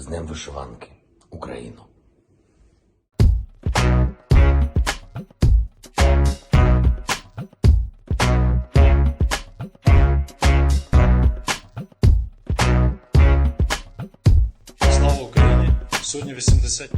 з Днем Вишиванки Україну! Слава Україні! Сьогодні 80.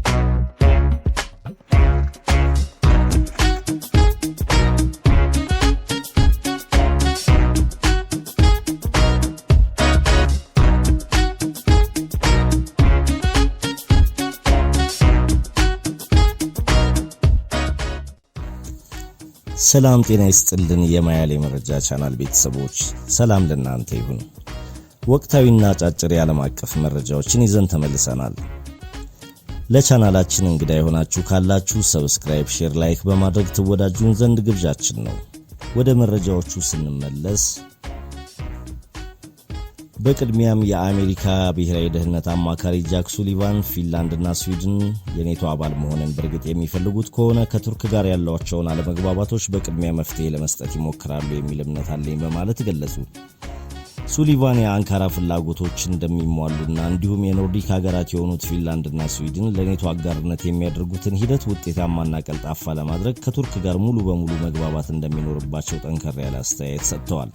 ሰላም ጤና ይስጥልን። የማያሌ መረጃ ቻናል ቤተሰቦች ሰላም ለእናንተ ይሁን። ወቅታዊና አጫጭር የዓለም አቀፍ መረጃዎችን ይዘን ተመልሰናል። ለቻናላችን እንግዳ የሆናችሁ ካላችሁ ሰብስክራይብ፣ ሼር፣ ላይክ በማድረግ ትወዳጁን ዘንድ ግብዣችን ነው። ወደ መረጃዎቹ ስንመለስ በቅድሚያም የአሜሪካ ብሔራዊ ደህንነት አማካሪ ጃክ ሱሊቫን ፊንላንድና ስዊድን የኔቶ አባል መሆንን በእርግጥ የሚፈልጉት ከሆነ ከቱርክ ጋር ያሏቸውን አለመግባባቶች በቅድሚያ መፍትሄ ለመስጠት ይሞክራሉ የሚል እምነት አለኝ በማለት ገለጹ። ሱሊቫን የአንካራ ፍላጎቶች እንደሚሟሉና እንዲሁም የኖርዲክ ሀገራት የሆኑት ፊንላንድና ስዊድን ለኔቶ አጋርነት የሚያደርጉትን ሂደት ውጤታማና ቀልጣፋ ለማድረግ ከቱርክ ጋር ሙሉ በሙሉ መግባባት እንደሚኖርባቸው ጠንከር ያለ አስተያየት ሰጥተዋል።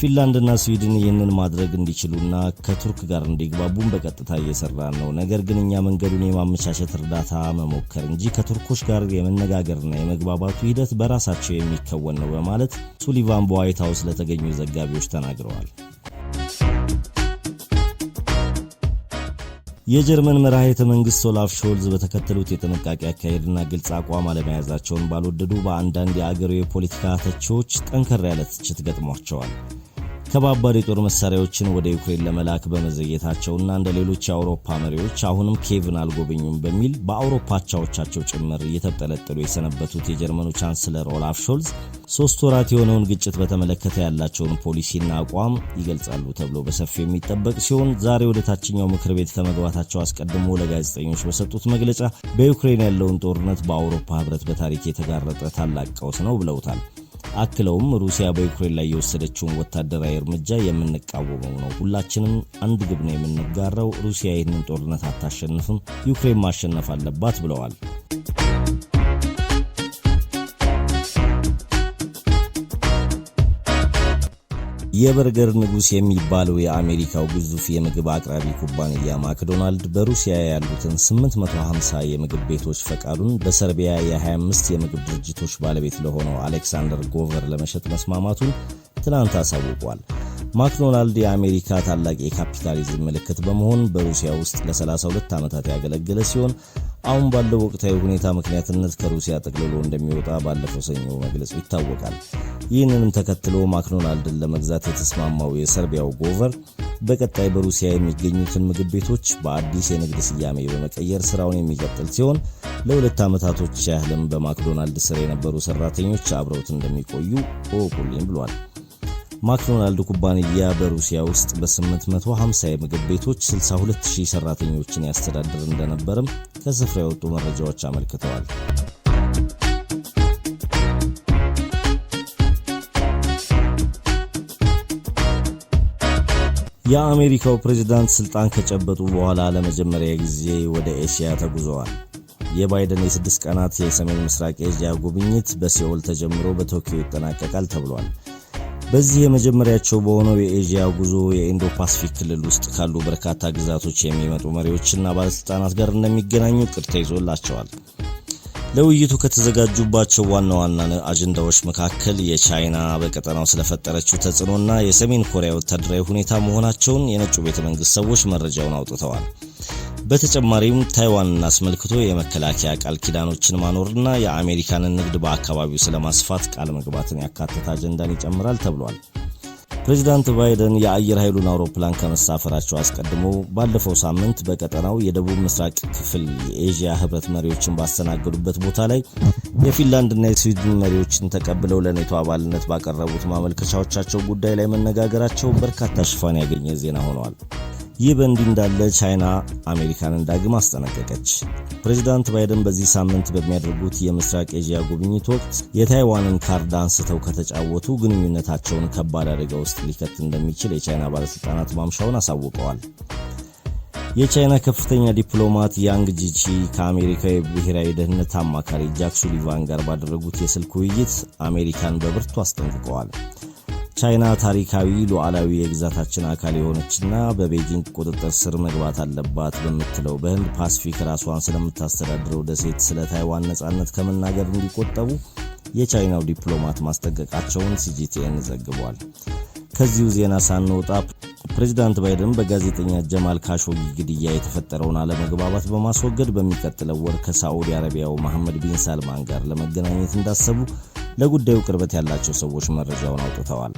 ፊንላንድና ስዊድን ይህንን ማድረግ እንዲችሉና ከቱርክ ጋር እንዲግባቡን በቀጥታ እየሰራን ነው። ነገር ግን እኛ መንገዱን የማመቻቸት እርዳታ መሞከር እንጂ ከቱርኮች ጋር የመነጋገርና የመግባባቱ ሂደት በራሳቸው የሚከወን ነው በማለት ሱሊቫን በዋይት ሀውስ ለተገኙ ዘጋቢዎች ተናግረዋል። የጀርመን መራሄተ መንግስት ኦላፍ ሾልዝ በተከተሉት የጥንቃቄ አካሄድና ግልጽ አቋም አለመያዛቸውን ባልወደዱ በአንዳንድ የአገሬው የፖለቲካ ተቺዎች ጠንከር ያለ ትችት ገጥሟቸዋል። ከባባድ የጦር መሳሪያዎችን ወደ ዩክሬን ለመላክ በመዘግየታቸውና እንደ ሌሎች የአውሮፓ መሪዎች አሁንም ኬቭን አልጎበኙም በሚል በአውሮፓ አቻዎቻቸው ጭምር እየተጠለጠሉ የሰነበቱት የጀርመኑ ቻንስለር ኦላፍ ሾልዝ ሶስት ወራት የሆነውን ግጭት በተመለከተ ያላቸውን ፖሊሲና አቋም ይገልጻሉ ተብሎ በሰፊው የሚጠበቅ ሲሆን ዛሬ ወደ ታችኛው ምክር ቤት ከመግባታቸው አስቀድሞ ለጋዜጠኞች በሰጡት መግለጫ በዩክሬን ያለውን ጦርነት በአውሮፓ ሕብረት በታሪክ የተጋረጠ ታላቅ ቀውስ ነው ብለውታል። አክለውም ሩሲያ በዩክሬን ላይ የወሰደችውን ወታደራዊ እርምጃ የምንቃወመው ነው። ሁላችንም አንድ ግብ ነው የምንጋራው። ሩሲያ ይህንን ጦርነት አታሸንፍም፣ ዩክሬን ማሸነፍ አለባት ብለዋል። የበርገር ንጉሥ የሚባለው የአሜሪካው ግዙፍ የምግብ አቅራቢ ኩባንያ ማክዶናልድ በሩሲያ ያሉትን 850 የምግብ ቤቶች ፈቃዱን በሰርቢያ የ25 የምግብ ድርጅቶች ባለቤት ለሆነው አሌክሳንደር ጎቨር ለመሸጥ መስማማቱን ትናንት አሳውቋል። ማክዶናልድ የአሜሪካ ታላቅ የካፒታሊዝም ምልክት በመሆን በሩሲያ ውስጥ ለ32 ዓመታት ያገለገለ ሲሆን አሁን ባለው ወቅታዊ ሁኔታ ምክንያትነት ከሩሲያ ጠቅልሎ እንደሚወጣ ባለፈው ሰኞ መግለጹ ይታወቃል። ይህንንም ተከትሎ ማክዶናልድን ለመግዛት የተስማማው የሰርቢያው ጎቨር በቀጣይ በሩሲያ የሚገኙትን ምግብ ቤቶች በአዲስ የንግድ ስያሜ በመቀየር ስራውን የሚቀጥል ሲሆን ለሁለት ዓመታቶች ያህልም በማክዶናልድ ስር የነበሩ ሰራተኞች አብረውት እንደሚቆዩ እወቁልኝ ብሏል። ማክዶናልድ ኩባንያ በሩሲያ ውስጥ በ850 የምግብ ቤቶች 62000 ሰራተኞችን ያስተዳድር እንደነበርም ከስፍራ የወጡ መረጃዎች አመልክተዋል። የአሜሪካው ፕሬዚዳንት ስልጣን ከጨበጡ በኋላ ለመጀመሪያ ጊዜ ወደ ኤሽያ ተጉዘዋል። የባይደን የስድስት ቀናት የሰሜን ምስራቅ ኤዥያ ጉብኝት በሲኦል ተጀምሮ በቶኪዮ ይጠናቀቃል ተብሏል። በዚህ የመጀመሪያቸው በሆነው የኤዥያ ጉዞ የኢንዶ ፓሲፊክ ክልል ውስጥ ካሉ በርካታ ግዛቶች የሚመጡ መሪዎችና ባለሥልጣናት ጋር እንደሚገናኙ እቅድ ተይዞላቸዋል። ለውይይቱ ከተዘጋጁባቸው ዋና ዋና አጀንዳዎች መካከል የቻይና በቀጠናው ስለፈጠረችው ተጽዕኖና የሰሜን ኮሪያ ወታደራዊ ሁኔታ መሆናቸውን የነጩ ቤተ መንግሥት ሰዎች መረጃውን አውጥተዋል። በተጨማሪም ታይዋንን አስመልክቶ የመከላከያ ቃል ኪዳኖችን ማኖርና የአሜሪካንን ንግድ በአካባቢው ስለማስፋት ቃል መግባትን ያካተተ አጀንዳን ይጨምራል ተብሏል። ፕሬዚዳንት ባይደን የአየር ኃይሉን አውሮፕላን ከመሳፈራቸው አስቀድሞ ባለፈው ሳምንት በቀጠናው የደቡብ ምስራቅ ክፍል የኤዥያ ህብረት መሪዎችን ባስተናገዱበት ቦታ ላይ የፊንላንድና የስዊድን መሪዎችን ተቀብለው ለኔቶ አባልነት ባቀረቡት ማመልከቻዎቻቸው ጉዳይ ላይ መነጋገራቸው በርካታ ሽፋን ያገኘ ዜና ሆነዋል። ይህ በእንዲህ እንዳለ ቻይና አሜሪካንን ዳግም አስጠነቀቀች። ፕሬዚዳንት ባይደን በዚህ ሳምንት በሚያደርጉት የምስራቅ ኤዥያ ጉብኝት ወቅት የታይዋንን ካርድ አንስተው ከተጫወቱ ግንኙነታቸውን ከባድ አደጋ ውስጥ ሊከት እንደሚችል የቻይና ባለሥልጣናት ማምሻውን አሳውቀዋል። የቻይና ከፍተኛ ዲፕሎማት ያንግ ጂቺ ከአሜሪካዊ የብሔራዊ ደህንነት አማካሪ ጃክ ሱሊቫን ጋር ባደረጉት የስልክ ውይይት አሜሪካን በብርቱ አስጠንቅቀዋል። ቻይና ታሪካዊ ሉዓላዊ የግዛታችን አካል የሆነችና በቤጂንግ ቁጥጥር ስር መግባት አለባት በምትለው በህንድ ፓስፊክ ራሷን ስለምታስተዳድረው ደሴት ስለ ታይዋን ነጻነት ከመናገር እንዲቆጠቡ የቻይናው ዲፕሎማት ማስጠንቀቃቸውን ሲጂቲኤን ዘግቧል። ከዚሁ ዜና ሳንወጣ ፕሬዚዳንት ባይደን በጋዜጠኛ ጀማል ካሾጊ ግድያ የተፈጠረውን አለመግባባት በማስወገድ በሚቀጥለው ወር ከሳዑዲ አረቢያው መሐመድ ቢን ሳልማን ጋር ለመገናኘት እንዳሰቡ ለጉዳዩ ቅርበት ያላቸው ሰዎች መረጃውን አውጥተዋል።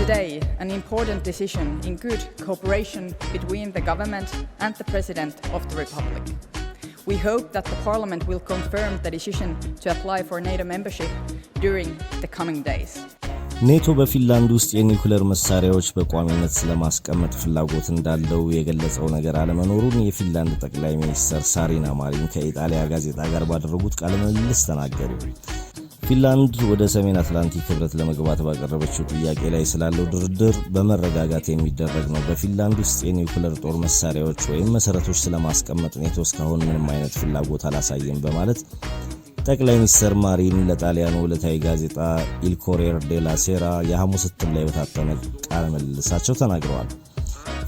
Today, an important decision in good cooperation between the government and the President of the Republic. We hope that the Parliament will confirm the decision to apply for NATO membership during the coming days. ኔቶ በፊንላንድ ውስጥ የኒውክለር መሳሪያዎች በቋሚነት ስለማስቀመጥ ፍላጎት እንዳለው የገለጸው ነገር አለመኖሩን የፊንላንድ ጠቅላይ ሚኒስትር ሳሪና ማሪን ከኢጣሊያ ጋዜጣ ጋር ባደረጉት ቃለ ምልልስ ተናገሩ። ፊንላንድ ወደ ሰሜን አትላንቲክ ህብረት ለመግባት ባቀረበችው ጥያቄ ላይ ስላለው ድርድር በመረጋጋት የሚደረግ ነው። በፊንላንድ ውስጥ የኒውክለር ጦር መሳሪያዎች ወይም መሰረቶች ስለማስቀመጥ ኔቶ እስካሁን ምንም አይነት ፍላጎት አላሳየም በማለት ጠቅላይ ሚኒስትር ማሪን ለጣሊያኑ ዕለታዊ ጋዜጣ ኢልኮሬር ዴላ ሴራ የሐሙስ እትም ላይ በታተመ ቃለ ምልልሳቸው ተናግረዋል።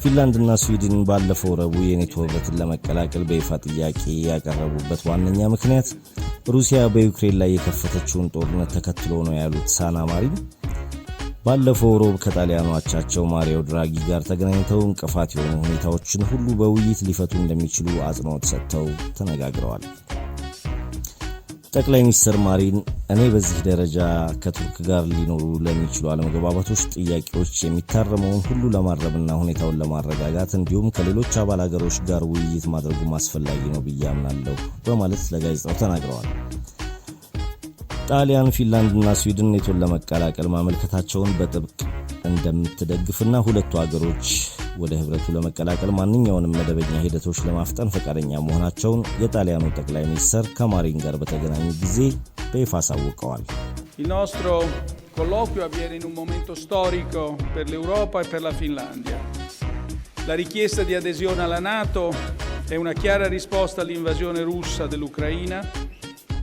ፊንላንድና ስዊድን ባለፈው ረቡዕ የኔቶ ህብረትን ለመቀላቀል በይፋ ጥያቄ ያቀረቡበት ዋነኛ ምክንያት ሩሲያ በዩክሬን ላይ የከፈተችውን ጦርነት ተከትሎ ነው ያሉት ሳና ማሪን ባለፈው ሮብ ከጣሊያኑ አቻቸው ማሪዮ ድራጊ ጋር ተገናኝተው እንቅፋት የሆኑ ሁኔታዎችን ሁሉ በውይይት ሊፈቱ እንደሚችሉ አጽንኦት ሰጥተው ተነጋግረዋል። ጠቅላይ ሚኒስትር ማሪን እኔ በዚህ ደረጃ ከቱርክ ጋር ሊኖሩ ለሚችሉ አለመግባባቶች፣ ጥያቄዎች የሚታረመውን ሁሉ ለማረምና ሁኔታውን ለማረጋጋት እንዲሁም ከሌሎች አባል ሀገሮች ጋር ውይይት ማድረጉ አስፈላጊ ነው ብዬ አምናለሁ በማለት ለጋዜጣው ተናግረዋል። ጣሊያን፣ ፊንላንድና ስዊድን ኔቶን ለመቀላቀል ማመልከታቸውን በጥብቅ እንደምትደግፍና ሁለቱ ሀገሮች ወደ ህብረቱ ለመቀላቀል ማንኛውንም መደበኛ ሂደቶች ለማፍጠን ፈቃደኛ መሆናቸውን የጣሊያኑ ጠቅላይ ሚኒስትር ከማሪን ጋር በተገናኙ ጊዜ በይፋ አሳውቀዋል። Il nostro colloquio avviene in un momento storico per l'Europa e per la Finlandia. La richiesta di adesione alla NATO è una chiara risposta all'invasione russa dell'Ucraina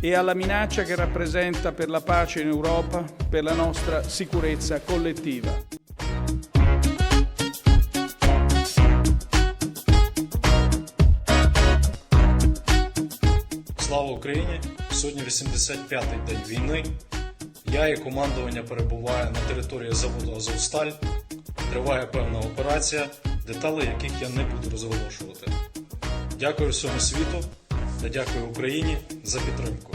e alla minaccia che rappresenta per la pace in Europa, per la nostra sicurezza collettiva. Слава Україні! Сьогодні 85-й день війни. Я і командування перебуваю на території заводу Азовсталь. Триває певна операція, деталі яких я не буду розголошувати. Дякую всьому світу та дякую Україні за підтримку.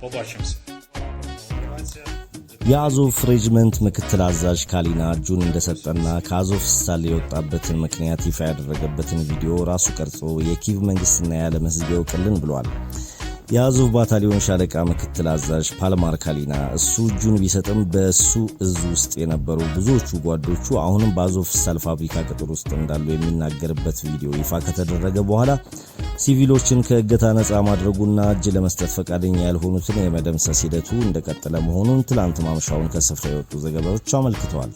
Побачимося! የአዞፍ ሬጅመንት ምክትል አዛዥ ካሊና እጁን እንደሰጠና ከአዞፍ ሳል የወጣበትን ምክንያት ይፋ ያደረገበትን ቪዲዮ ራሱ ቀርጾ የኪቭ መንግስትና የዓለም ሕዝብ ያውቅልን ብሏል። የአዙብ ባታሊዮን ሻለቃ ምክትል አዛዥ ፓልማር ካሊና እሱ እጁን ቢሰጥም በእሱ እዝ ውስጥ የነበሩ ብዙዎቹ ጓዶቹ አሁንም በአዞፍ ሳል ፋብሪካ ቅጥር ውስጥ እንዳሉ የሚናገርበት ቪዲዮ ይፋ ከተደረገ በኋላ ሲቪሎችን ከእገታ ነፃ ማድረጉና እጅ ለመስጠት ፈቃደኛ ያልሆኑትን የመደምሰስ ሂደቱ እንደቀጠለ መሆኑን ትላንት ማምሻውን ከስፍራ የወጡ ዘገባዎች አመልክተዋል።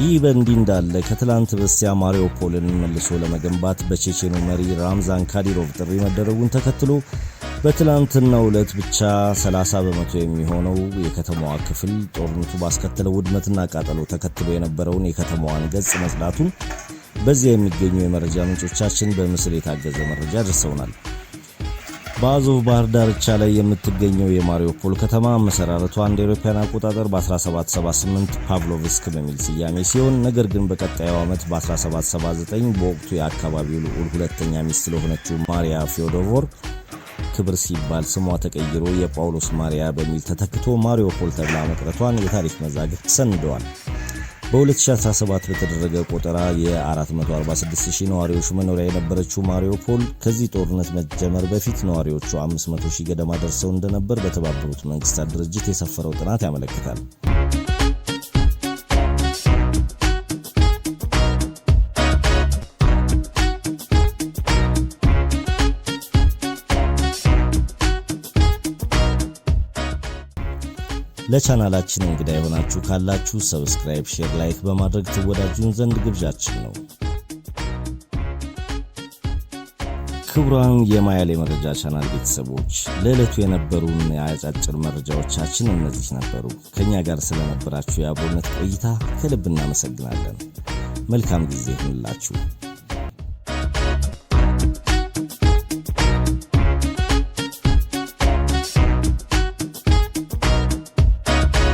ይህ በእንዲህ እንዳለ ከትላንት በስቲያ ማሪዮፖልን መልሶ ለመገንባት በቼቼኑ መሪ ራምዛን ካዲሮቭ ጥሪ መደረጉን ተከትሎ በትላንትናው ዕለት ብቻ 30 በመቶ የሚሆነው የከተማዋ ክፍል ጦርነቱ ባስከተለው ውድመትና ቃጠሎ ተከትሎ የነበረውን የከተማዋን ገጽ መጽዳቱን በዚያ የሚገኙ የመረጃ ምንጮቻችን በምስል የታገዘ መረጃ ደርሰውናል። በአዞቭ ባህር ዳርቻ ላይ የምትገኘው የማሪዮፖል ከተማ መሰራረቷ እንደ አውሮፓውያን አቆጣጠር በ1778 ፓቭሎቭስክ በሚል ስያሜ ሲሆን ነገር ግን በቀጣዩ ዓመት በ1779 በወቅቱ የአካባቢው ልዑል ሁለተኛ ሚስት ስለሆነችው ማሪያ ፊዮዶቮር ክብር ሲባል ስሟ ተቀይሮ የጳውሎስ ማሪያ በሚል ተተክቶ ማሪዮፖል ተብላ መቅረቷን የታሪክ መዛግብት ሰንደዋል። በ2017 በተደረገ ቆጠራ የ446 ነዋሪዎች መኖሪያ የነበረችው ማሪዮፖል ከዚህ ጦርነት መጀመር በፊት ነዋሪዎቹ 500 ሺህ ገደማ ደርሰው እንደነበር በተባበሩት መንግስታት ድርጅት የሰፈረው ጥናት ያመለክታል። ለቻናላችን እንግዳ የሆናችሁ ካላችሁ ሰብስክራይብ፣ ሼር፣ ላይክ በማድረግ ትወዳጁን ዘንድ ግብዣችን ነው። ክቡራን የማያሌ መረጃ ቻናል ቤተሰቦች ለዕለቱ የነበሩን የአጫጭር መረጃዎቻችን እነዚህ ነበሩ። ከእኛ ጋር ስለነበራችሁ የአብሮነት ቆይታ ከልብ እናመሰግናለን። መልካም ጊዜ ይሁንላችሁ።